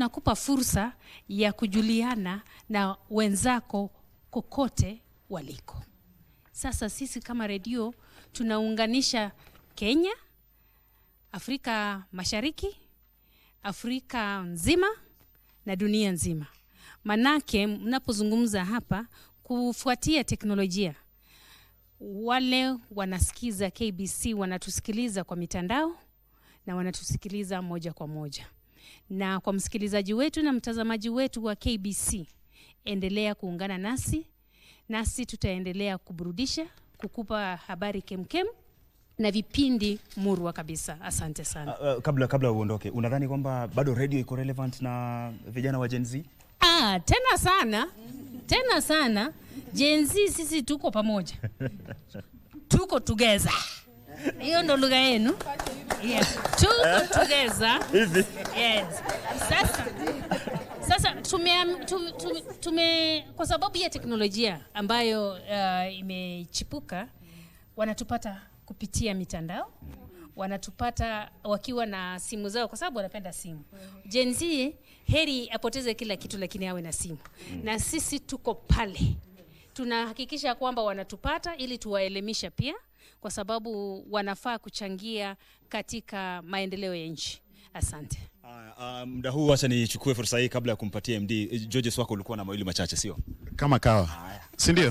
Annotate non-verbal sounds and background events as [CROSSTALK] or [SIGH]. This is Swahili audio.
nakupa fursa ya kujuliana na wenzako kokote waliko. Sasa sisi kama redio tunaunganisha Kenya, Afrika Mashariki, Afrika nzima na dunia nzima. Manake mnapozungumza hapa kufuatia teknolojia, wale wanasikiza KBC wanatusikiliza kwa mitandao na wanatusikiliza moja kwa moja. Na kwa msikilizaji wetu na mtazamaji wetu wa KBC, endelea kuungana nasi, nasi tutaendelea kuburudisha, kukupa habari kemkem na vipindi murwa kabisa. Asante sana. Uh, uh, kabla kabla uondoke, unadhani kwamba bado radio iko relevant na vijana wa Gen Z? Ah, tena sana tena sana. Gen Z sisi tuko pamoja, [LAUGHS] tuko together. Hiyo ndo lugha yenu. Hivi. Sasa tume, tume, tume, kwa sababu ya teknolojia ambayo uh, imechipuka wanatupata kupitia mitandao wanatupata wakiwa na simu zao kwa sababu wanapenda simu. jenzi heri apoteze kila kitu lakini awe na simu. Mm. Na sisi tuko pale, tunahakikisha kwamba wanatupata ili tuwaelimisha pia kwa sababu wanafaa kuchangia katika maendeleo ya nchi. Asante. Uh, muda huu acha nichukue fursa hii kabla ya kumpatia MD eh, George, wako, ulikuwa na mawili machache, sio kama kawa, si ndio?